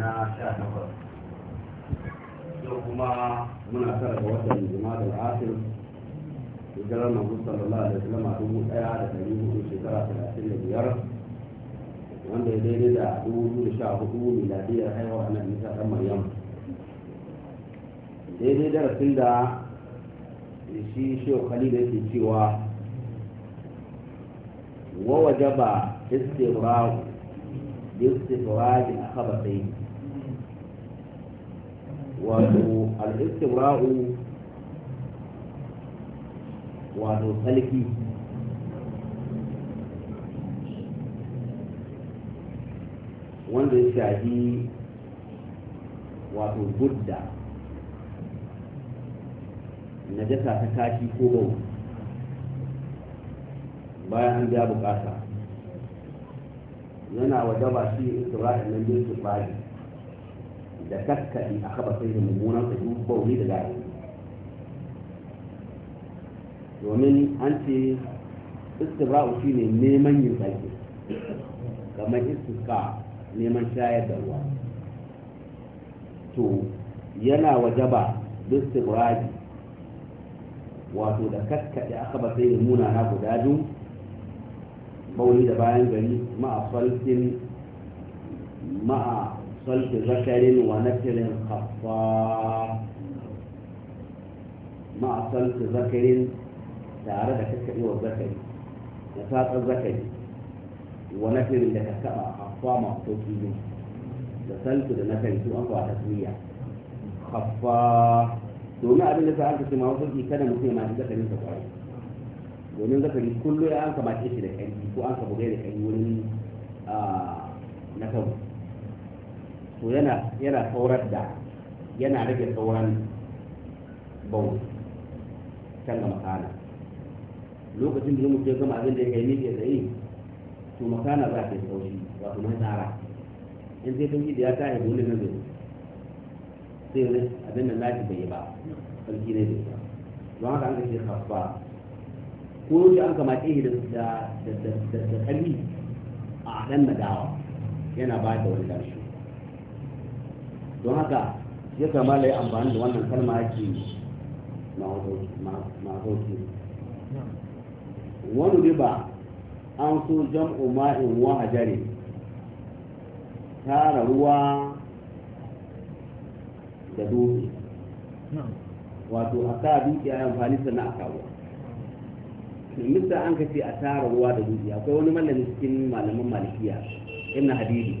na sha takwas yau kuma muna tara ga watan jima'a da asir hijirar mahu sallallahu alaihi wasallam dubu daya da dari hudu shekara talatin da biyar wanda ya daidai da dubu biyu da sha hudu miladiyar haihuwa na nisa ɗan maryam daidai darasin da shi shehu khalil yake cewa wa wajaba istibra'u bi istibra'in khabatain wato al'istimra'u wato tsalki wanda ya shafi wato gudda na jasa ta kashi ko bau bayan an biya bukata yana wajaba shi isra'il na jirgin su da kakkaɗi a kafa sai da mummunan ka duk da gari domin an ce istibra'u shi ne neman yin tsaki kamar istiska neman shayar da ruwa to yana wajaba istibra'i wato da kakkaɗe aka ba sai da na guda biyu bauli da bayan gari ma'a falkin ma'a صلت ذكر ونكر خفا مع صلت ذكر تعرض كسكري والذكر نساق الذكر ونكر لك كما خفا مقصودين لصلت ذكر سوء أنقوى تسوية خفا domin abin da sa'ar kace ma wasu kada mutum ya mace zakarin domin zakari kullu ya an kamace shi da kai, ko an ka bugai da kai wurin na kanku to yana yana saurar da yana rage sauran bau canza makana lokacin da mutum ya gama abin da ya kai miƙe tsaye to makana za ta yi sauri wato mai tsara in sai sauki da ya tashi dole na zai sai zai abin da nashi bai yi ba sarki ne bai ba don haka an ka kashe kafa ko yau an kamace shi da ƙarfi a ɗan nadawa yana ba da wani ƙarshe don haka ya kamata ya amfani da wannan kalma yake mahauki wani riba an so jam'u ma'in wa hajari tara ruwa da dutse wato a sa dutse a amfani sannan a kawo mista an ka ce a tara ruwa da dutse akwai wani mallan cikin malaman malikiya ibn hadidi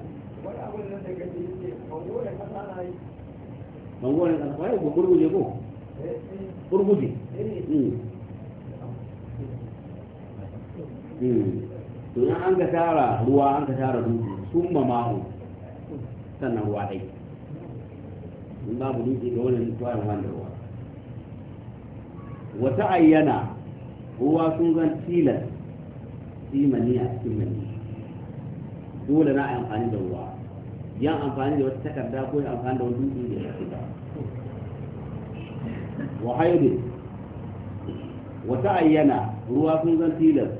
bangon kan kwaye ko gurguje ko gurguje hmm. hmm. to yan an ka tara ruwa an ka tara dutse sun ma mahu sannan ruwa dai in babu dutse da wani tuwayen wanda ruwa wata ayyana ruwa sun zan tilas simani a cikin dole na amfani da ruwa yan amfani da wata takarda ko amfani da wani dutse da ya shiga wa haidin wa ta'ayyana ruwa sun zan tilas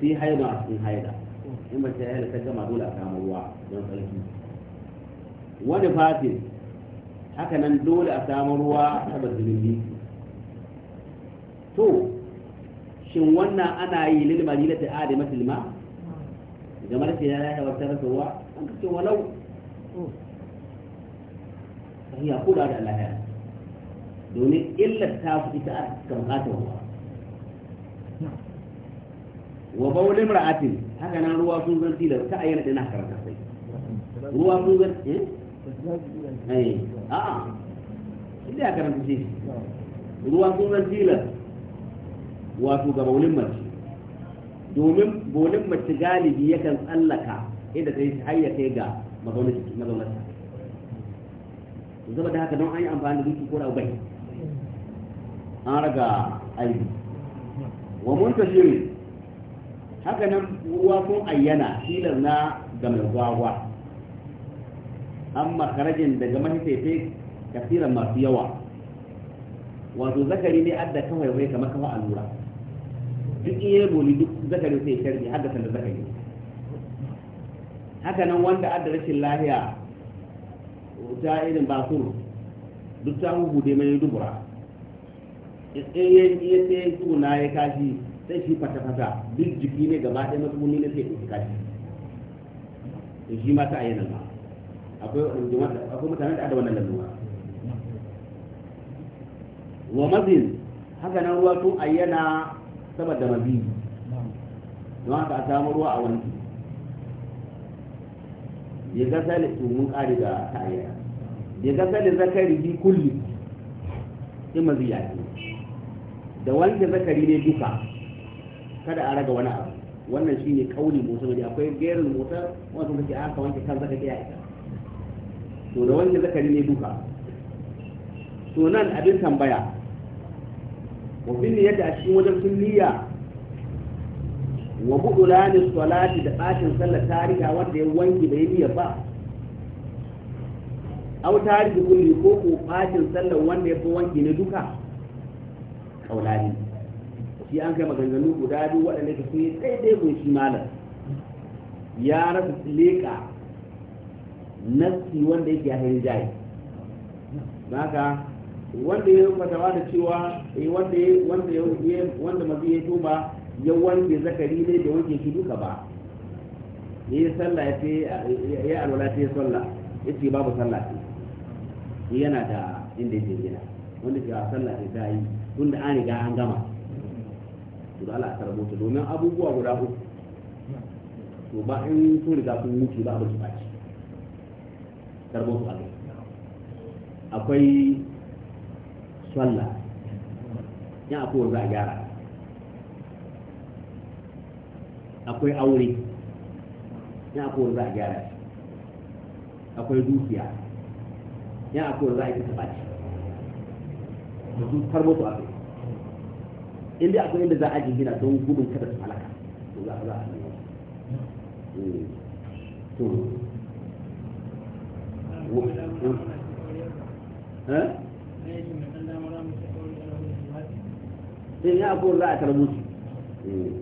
fi haidin a cikin haida in ba ta haida ta gama dole a samu ruwa don tsarki wani fatin haka dole a samu ruwa ta bazirin to shin wannan ana yi lil madina ta ade musulma game da tiyara ya wata rasuwa an kace walau sahiya ko da Allah ya domin illar ta fi ita a karɓata wa wa wani ra'atin haka nan ruwa sun zan tilar ta ayyana ɗina karanta sai ruwa sun zan eh, eh a'a inda ya karanta ce ruwa sun zan tilar wato ga baulin mace domin baunin mace galibi yakan tsallaka inda ta yi ga kai ga mazaunarsa Zaba da haka don an yi amfani da duki ko da bai an raga aibi wa muntashirin haka nan ruwa kun ayyana filar na ga mai gwagwa amma karajin daga mahaifaifai kasiran masu yawa wato zakari ne adda kawai wai kamar kawai allura duk iya boli duk zakari sai sharbi har da sanda zakari haka nan wanda adda rashin lahiya ta irin basur duk ta hudu mai dubura ya sai tsuguna ya kashi sai shi fata-fata duk jiki ne gaba ɗaya matsuguni ne sai ɗauki kashi to shi ma ta ayyana ma akwai mutane da da wannan lalura wa mazin haka nan ruwa tun sun ayyana saboda mazi don haka a samu ruwa a wani ya ga sai to mun ƙari da ta ayyana ya ga da zakari kulli in mazi ya ce da wanda zakari ne duka kada a raga wani abu wannan shine kauli motsa da akwai gerin mutum wanda kuma ke aka ah, wanke kan zaka ya ita to da wanda zakari ne duka to nan abin tambaya bin yadda a cikin wajen kulliya wa budulani salati da bacin sallar tariha wanda ya wanke da ya ba au tarihi kulli ko ko bacin sallar wanda ya fi wanke ne duka kaulani shi an kai maganganu guda biyu waɗanda ke sun yi daidai gun shi malam ya rasa leƙa nassi wanda yake ya hanyar jayi haka wanda ya fatawa da cewa eh, wanda ya wanda ya wanda mazi ya tuba ya wanke zakari ne da wanke shi duka ba ya yi sallah ya alwala ta yi sallah ya ce babu sallah ce yana da inda ya gina wanda ke a sallah ta yi da an riga an gama to da Allah a karbo ta domin abubuwa guda uku to ba in sun riga sun mutu ba a basu baci karbo su akai akwai sallah ya akwai za a gyara akwai aure ya akwai za a gyara akwai dukiya ya akwai za a yi ta baci har za a gina don gudun kada su halaka ya a hmm.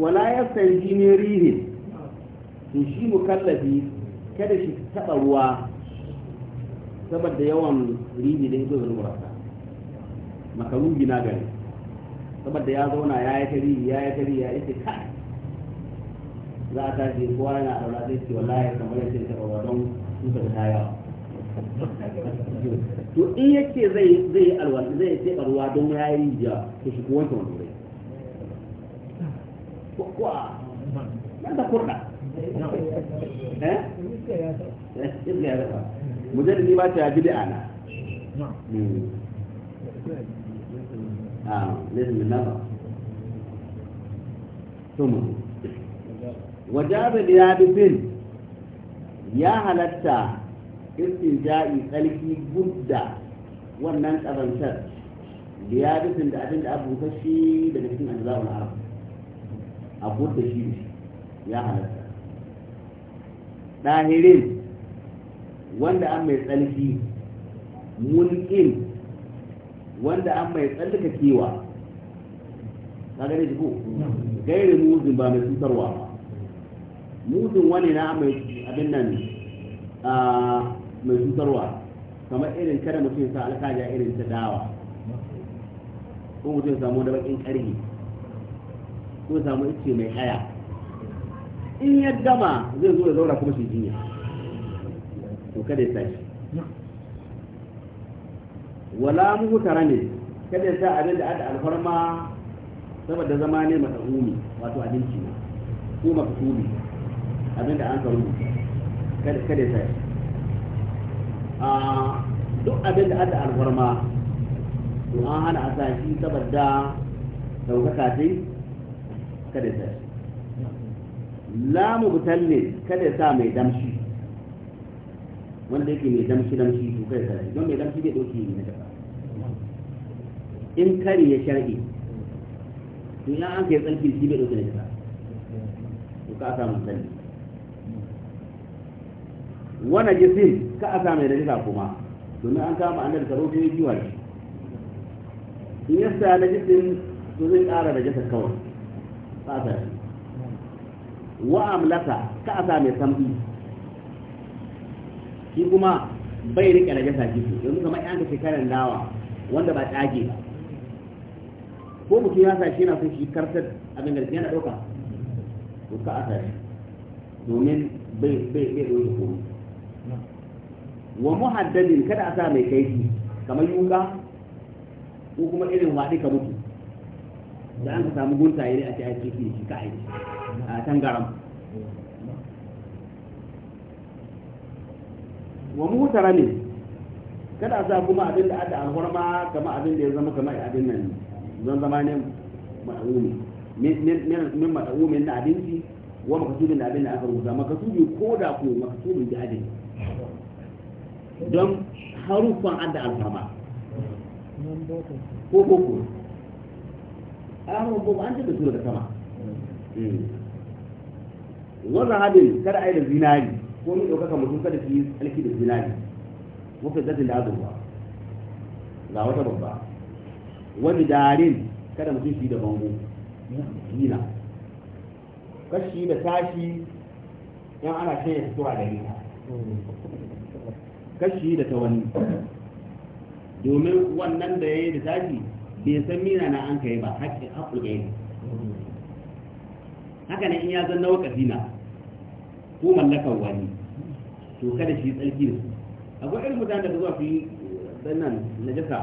wala ya ne rihin to shi mukallafi kada shi taɓa ruwa saboda yawan rihin da ya zo da makaruhi na gari saboda ya zauna ya yi tari ya yi tari ya yi kai za a tashi kowa yana aura zai ce wallahi kamar ya ce ta aura don suka ta yawa to in yake zai zai yi alwa zai ce barwa don ya yi ja to shi kowanta wani rai ko ko nan da kurda eh? eh iska ba ta bid'a na hmm. لازم النفع ثم وجاب بيابس يا هلتا استنجائي خلقي بدا wannan ƙazantar biyabisin da abin da abu kashi daga cikin ajizawar arab a da shi ya halatta ɗahirin wanda an mai tsarki mulkin wanda an mai tsallaka kewa ka gane shi ko gairi muzin ba mai tsutsarwa muzin wani na mai abin nan a mai tsutsarwa kamar irin kada mutum sa alkaja irin ta dawa ko mutum samu da bakin karni ko samu ice mai haya in ya gama zai zo ya zaura kuma shi jinya to kada ya tashi wala muhutara ne kada ya sa abin da aka alfarma saboda zama ne masahumi wato abinci ne ko makasumi abin da an karu kada kada ya A duk abin da aka alfarma to an hana a shi saboda daukaka ce kada ya sa lamu butal ne kada ya sa mai damshi wanda yake mai damshi damshi to kai kare don mai damshi zai dauki ne daga in kare ya shar'i to ya an kai tsarki shi bai dauki ne daga to ka asa mun sani wani jisim ka asa mai dalila kuma domin an kama karo ta yi jiwa shi in sa na jisim to zai kara da jasa kawai ka asa shi wa amlaka ka asa mai sam'i shi kuma bai rike na jasa jiki yanzu kamar yan kace dawa wanda ba tsage ba ko mutum ya sa shi yana son shi karsar abin da yana dauka to ka a tare domin bai bai bai dauka kuma. wa muhaddadin kada a sa mai kaifi kamar yuka ko kuma irin waɗi ka mutu da an ka samu guntaye ne a ce a ciki shi ka aiki a tangaram wa tara ne kada a sa kuma abin da aka alhurma kama abin da ya zama kamar abin nan don zama ne ma'aumi min ma'aumin na abinci wa makasubin da abin da aka rubuta makasubi ko da ko makasubin da abin don harufan adda alfama ko ko ko alamun ba an ce da su daga sama hmm. wannan hadin kada a yi da zinari ko ni ɗaukaka mutum kada ki yi alki da zinari mafi zatin da azurwa ga wata babba wani darin kada mutum shi da bango zina kashi da tashi yan ana ya sutura da ita kashi da ta wani domin wannan da ya yi da tashi bai san mina na an kai ba haƙƙin ne. haka ne in ya zan nawa ƙasina ko mallakar wani to kada shi tsarki da su akwai irin mutane da zuwa fi na najasa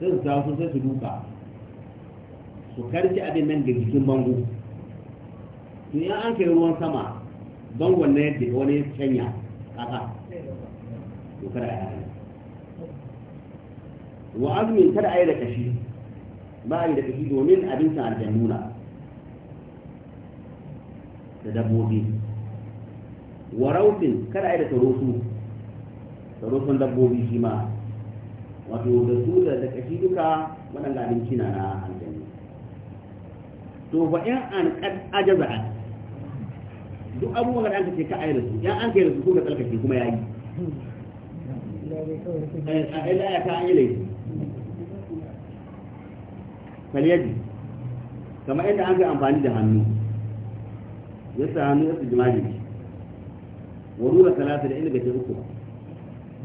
sai su taso sai su duka su karci abin nan da jikin bango to ya an kai ruwan sama bangon na yadda wani canya kasa to kada ya wa azumin kada a yi da kashi ba a yi da kashi domin abincin aljannuna da dabbobi warautin kada kada ai da tarosu tarosun dabbobi shi ma wato da su da da kashi duka waɗanda abinci na na aljanna to ba in an kad ajaza duk abubuwan da an ce ka ai da su yan an kai da su kuma tsalkace kuma yayi eh, a ila ya ka an yi laifi kaliyadi kamar yadda an ga amfani da hannu yasa hannu yasa jima'i wa rura talata da inda gaje uku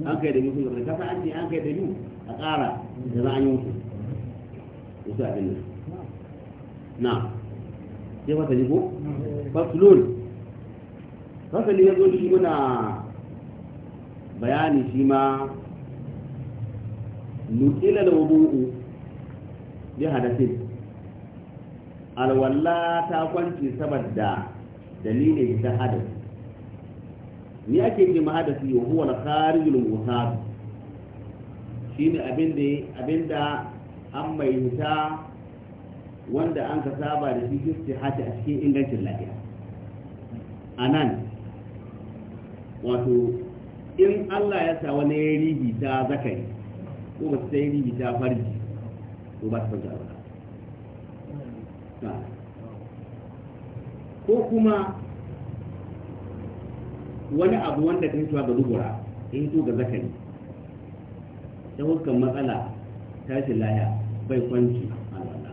an kai da biyu sun gaba kafa an ce an kai da biyu a ƙara da za an na sai fata ko fasulun fasali ya zo shi muna bayani shi ma nukila da wudu'u bi hadasin alwalla ta kwance saboda dalilin ta hadasi ni ake ce ma hadasi wa huwa al-kharijul muhad shine abin da abin da an mai hita wanda an ka saba da shi hati a cikin ingancin lafiya A nan, wato in Allah ya sa wani ya ribi ta zakari ko ba ta yi ribi ta farji ko ba ta ba ko kuma wani abu wanda kan cewa da dubura ya ku ga zakari ta hukkan matsala tashi laya bai kwanci alwala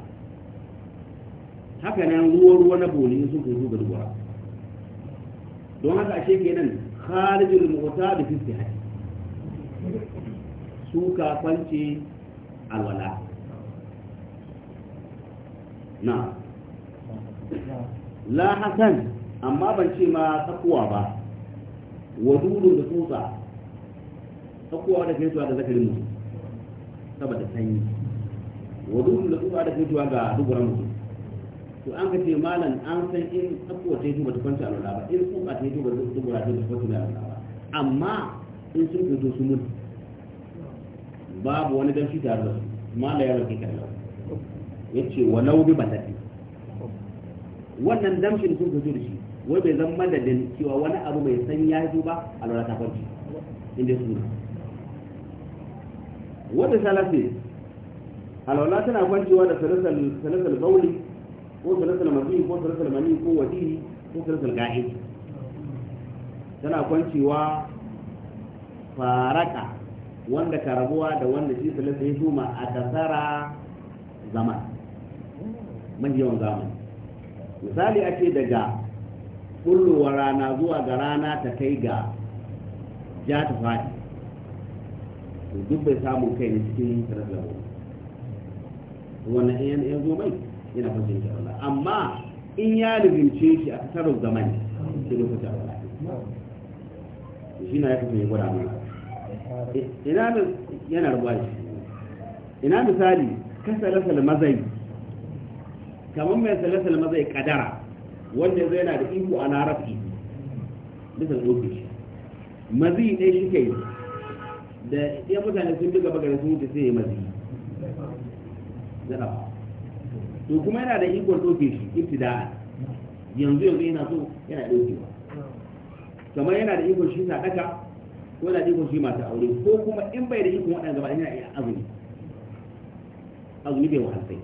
haka nan ruwa ruwa na boli sun kuzu ga dubura don haka ashe nan kharijul mu'ta da fiske su suka kwanci alwala na la hasan amma ban ce ma tsakuwa ba wadudu da tsutsa tsakuwa da kai zuwa da zakarin mutum saboda sanyi wadudu da tsutsa da kai zuwa ga duburan mutum to an ka ce malam an san in tsakuwa ta yi duba ta kwanta a lura ba in tsutsa ta yi duba dubura ta yi kwanta a lura ba amma in sun fito su mutu babu wani damshi tare da su malam ya rake kallon ya ce walau bi batati wannan damshin sun fito da shi wai bai zan madadin cewa wani abu mai sanyi ya zo ba a lura ta farki inda suna wanda salafi alwala tana kwanciwa da salasal bauli ko salasal mafi ko salasal mani ko wadihi ko salasal gahi tana kwanciwa faraka wanda ka rabuwa da wanda shi salasa ya suma a kasara zaman mafi yawan misali ake daga kullowa rana zuwa ga rana ta kai ga ja ta fadi to duk bai samu kai ne cikin rarrabo wannan yan yan mai yana fashin Allah amma in ya rubince shi a tasarar zaman shi ne kuta Allah shi na ya fi yi gwada mana ina yana rubuwa shi ina misali ka salasal mazai kamar mai salasal mazai kadara wanda zai yana da iko a larabci bisa lokaci mazi ne shi kai da ya mutane sun duka bagare sun wuce sai ya mazi zana to kuma yana da ikon ɗauke shi ibtida'a yanzu yanzu yana so yana ɗaukewa kamar yana da ikon shi sadaka ko yana da ikon shi masu aure ko kuma in bai da iko waɗanda ba yana iya azumi azumi bai wahalsai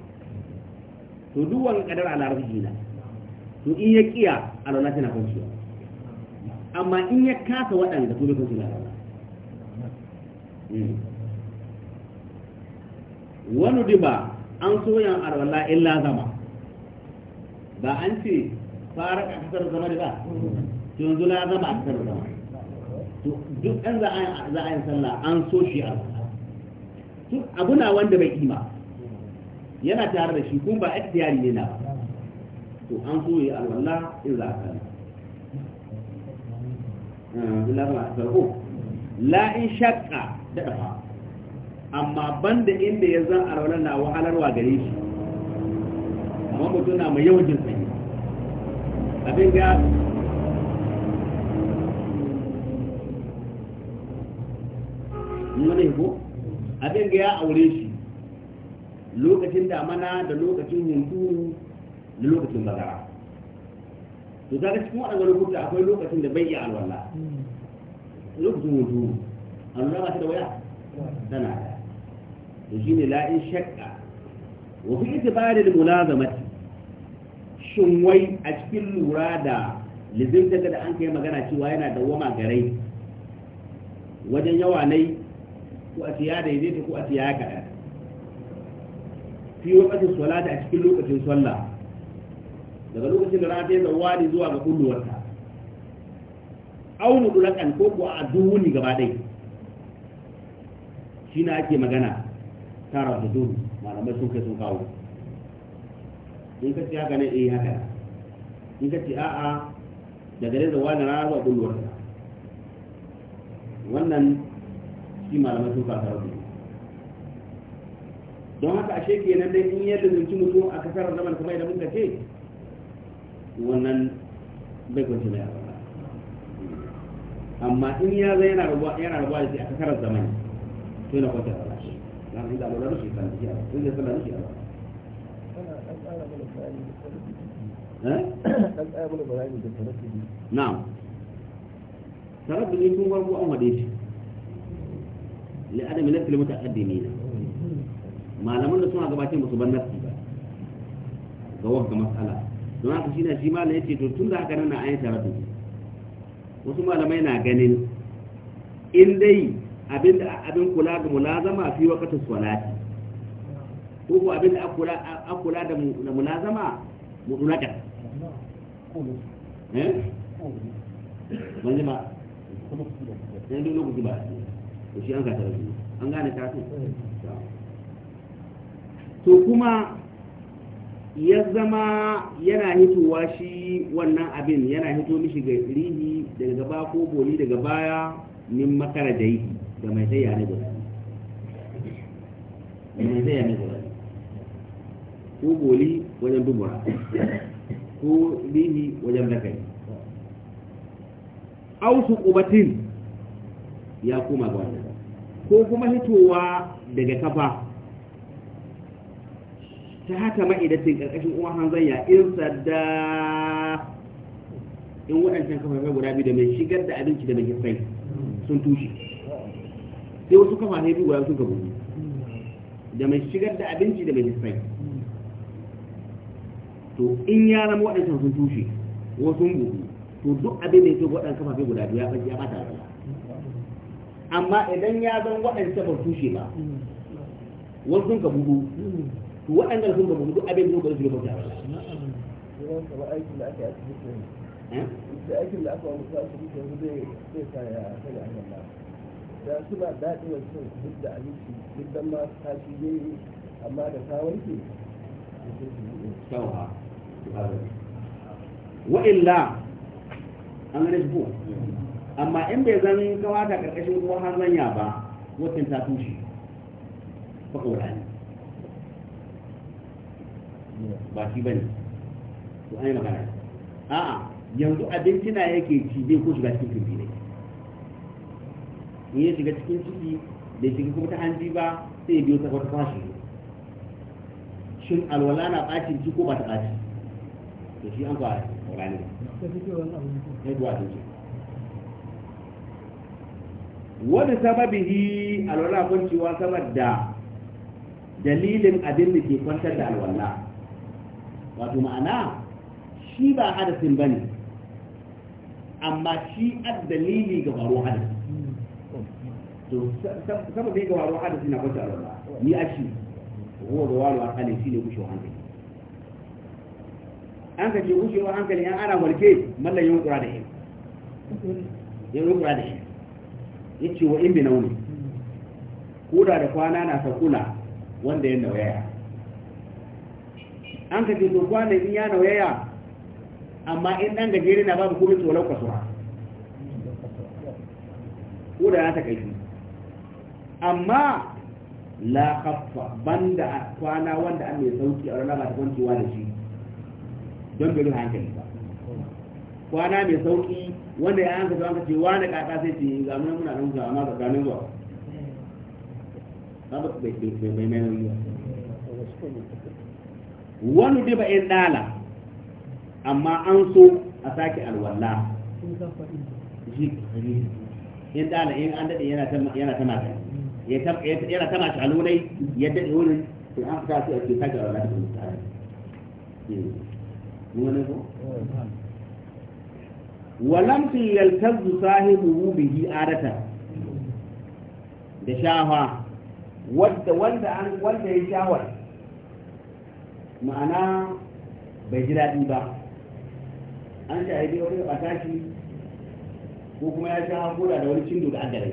to duk wani kadar a larabci na to in ya kiya alwala tana kwanciya amma in ya kasa waɗanda to bai kwanciya alwala hmm. wani diba an soya a alwala illa zama ba an ce fara a kasar zama da ba yanzu na zama a kasar zama to duk ɗan za a yi sallah an so shi a abu na wanda bai ima yana tare da shi kuma ba a ne na ba to an so alwala in za a kare ah, illa ma la in shakka da dafa amma banda inda ya zan alwala na wahalarwa gare shi amma mutum na mai yawan jin sanyi abin ga wani ko abin ga ya aure shi lokacin damana da lokacin hunturu da lokacin bazara to kaga cikin waɗannan lokuta akwai lokacin da bai iya alwala lokacin wudu alwala ba ta da waya tana da to shine la in shakka wa fi itibari da mulazamati shin wai a cikin lura da lizinta da an kai magana cewa yana da wama garai wajen yawa nai ko a tiya daidaita ko a tiya kaɗan fi wata salata a cikin lokacin sallah daga lokacin da rana ta yi zawali zuwa ga kulluwarta aunu dulakan ko ko a duhuni gaba ɗai shi na ake magana tara da duhu malamai sun kai sun kawo in ka ce haka ne eh haka in ka ce a'a daga dai zawali rana zuwa kulluwarta wannan shi malamai sun kawo tara don haka ashe kenan dai in yadda zunci mutum a kasar zaman kamar da muka ce wannan bai kwanci da yaro amma in ya zai yana rabuwa yana rubuwa da shi a kakarar zamani to yana kwanci da shi na hanyar da lura da shi kan jiya sun da sallar shi a ba na'am tarabbudi kun gwargo an wade shi adami na li'adami nasil na malaman da suna gabatin musu ban nasi ba ga wanka matsala don haka shi na shi ma ce to tun da haka nan na an yi taratu wasu malamai na ganin in dai abin da abin kula da mulazama fi waqtis salati ko ko abin da akula da mulazama mutlaqan eh wani ba sai duk lokaci ba to shi an ka taratu an gane ka to kuma ya zama yana hitowa shi wannan abin yana hito mishi ga rihi daga gaba ko boli daga baya min makara da yi da mai sai yare guda mai ko boli wajen dubura ko rihi wajen zakari Ausu su kubatin ya koma ga wannan ko kuma hitowa daga kafa ta haka ma'idatin karkashin uwan hanzanya in sadda in waɗancan kafafen guda biyu da mai shigar da abinci da mai hifai sun tushe sai wasu kafafen biyu guda sun gabu da mai shigar da abinci da mai hifai to in ya zama waɗancan sun tushe wasu sun bugu to duk abin da ya ce waɗancan kafafen guda biyu ya ɓace ya ɓata rana amma idan ya zan waɗancan ba tushe ba wasu sun gabu to waɗannan sun babu duk abin da zai ba da da aka wani da an daɗi wa cin duk da duk da ma ne amma da ta wanke wa illa an amma in bai zan kawata karkashin ko har zanya ba wacin ta tushe ba ba shi bane to an yi magana a'a yanzu abinci na yake ci zai ko shiga cikin tumbi ne in ya shiga cikin ciki bai shiga kuma ta hanji ba sai ya biyo ta wata kwashi shin alwala na ɓacin ci ko ba ta ɓaci to shi an kwa ranar ya zuwa abinci wani yi alwala kun cewa saboda dalilin abin da ke kwantar da alwala wato ma'ana shi ba hadasin ba ne amma shi ad dalili ga waro hadasi to saboda ga waro hadasi na kwata alwala ni a shi ko da waro a kane shi ne gushe hankali an kace kushe wa hankali an ana warke mallan yunkura da shi yunkura da shi ya ce wa in bi nauni ko da kwana na sakula wanda ya nawaya an ka ce to da in ya nauyaya amma in ɗan gajere na babu komai tsoron kwasuwa ko da ya ta kai amma la kafa banda kwana wanda an mai sauki a rana ba ta kwanciwa da shi don gari hankali ba kwana mai sauki wanda ya hankali an kace wani kaka sai ce ga muna nan zuwa amma tsakanin zuwa ba ba bai bai mai ba wani diba in dala amma an so a sake alwala in dala in an daɗe yana ta mata yana ta mata shalonai yadda ne wurin sai an ta su a ke sake alwala da kuma tsari wani ko walam fi yaltazu sahibu bihi adatan da shafa wanda wanda an wanda ya shawar ma'ana bai ji daɗi ba an ce a yi wani ɓata shi ko kuma ya sha hakura da wani cindo da agare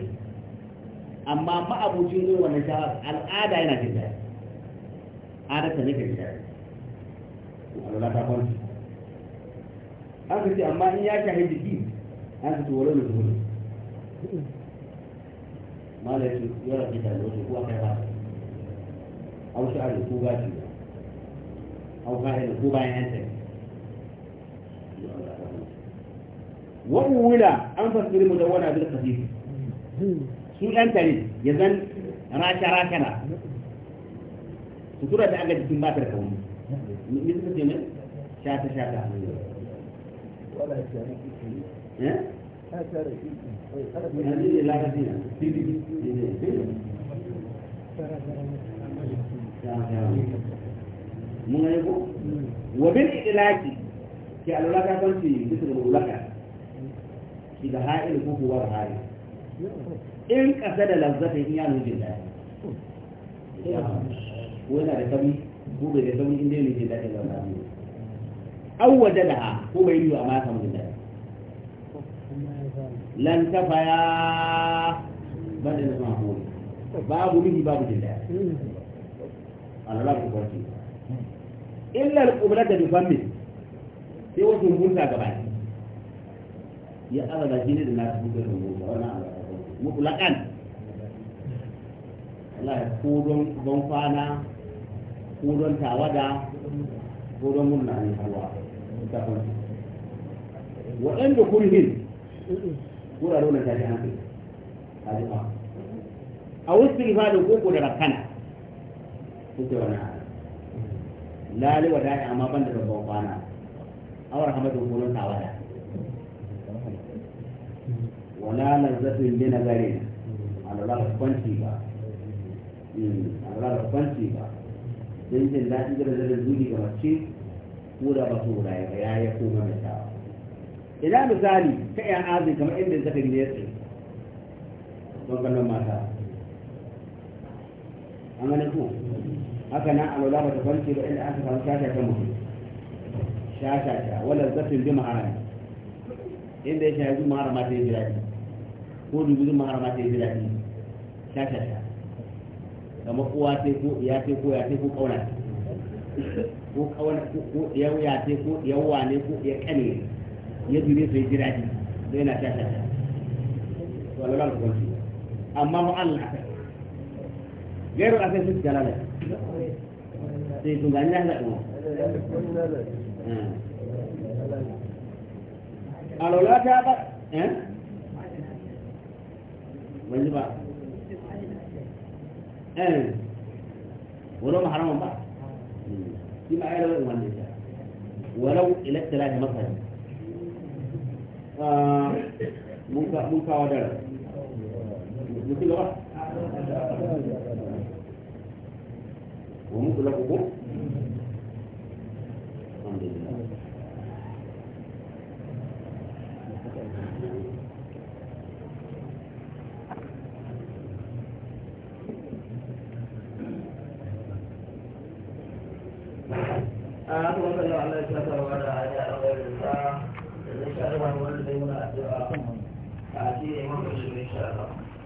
amma ma'abucin zuwa wani sha al'ada yana jin daɗi adata ne ka jin daɗi alwala ta kwanci an ka ce amma in ya shahi jiki an ka tuwalo wani da zuwa malayin yara fita da wasu kuwa kai ba a wasu arziki ko gashi ba أو فاعله هو باين أنت وأولى أنفس بالمدونة بالقديس سوء أنت لي يزن راكا راكنا سكرة أجد في باتر كون مثل كلمة شاتا شاتا ولا شاتا إيه؟ هذه لا غزينة Thank you. mun yi ko wa bil idlaki ki alulaka kan ci bisa da ulaka idan ha'il ko huwa ha'il in kasa da lazzata in ya nujin da ko yana da kabi ko bai da kabi inda ne ke da kaza ba aw wajadaha ko bai yi amma kan da lan tafaya badal mahmud babu bihi babu jinda Allah ku barki illar ƙublar da dufan mai sai wasu hunta gaba ne ya tsara da jini da nasu hutar da mota wannan alaƙa mutulakan Allah ya kudon don kwana kudon tawada kudon don murna ne kuwa hawa waɗanda kurhin wurare wani tashi hankali a wasu ilfa da koko da rakana kuke wani hali lali wa da'i amma ban da rabon kwana a awar hamadu kuma tawada wala lazzatin bi nazarin Allah ba kwanci ba hmm, Allah ba kwanci ba dan jin daɗi da nazarin zuri ga mace ko da ba su rayu ba yayi ko ma mata idan misali ta yan azin kamar inda zakari ne ya don kallon mata an gane ko haka nan alwala ba ta farce da inda aka samu shasha ta mutum shasha ta wala zafin bi maharami inda ya shahararri ma ta yi jiraki ko dubirin ma ta yi jiraki shasha ta kamar uwa ta ko iya ta ko ya ta ko kauna ko kauna ko yawya ta ko yawwa wane ko ya kane ya dure su yi jiraki da yana shasha ta wala ba ta farce amma mu'alla gairu a sai su jalala Itu itu banyak tak semua? Hmm. Kalau lah siapa? Eh? Banyak eh. Walau ilat terlalu mahal. Muka muka ada. Mesti wọn kula koko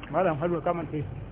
Madam, how do we come and see?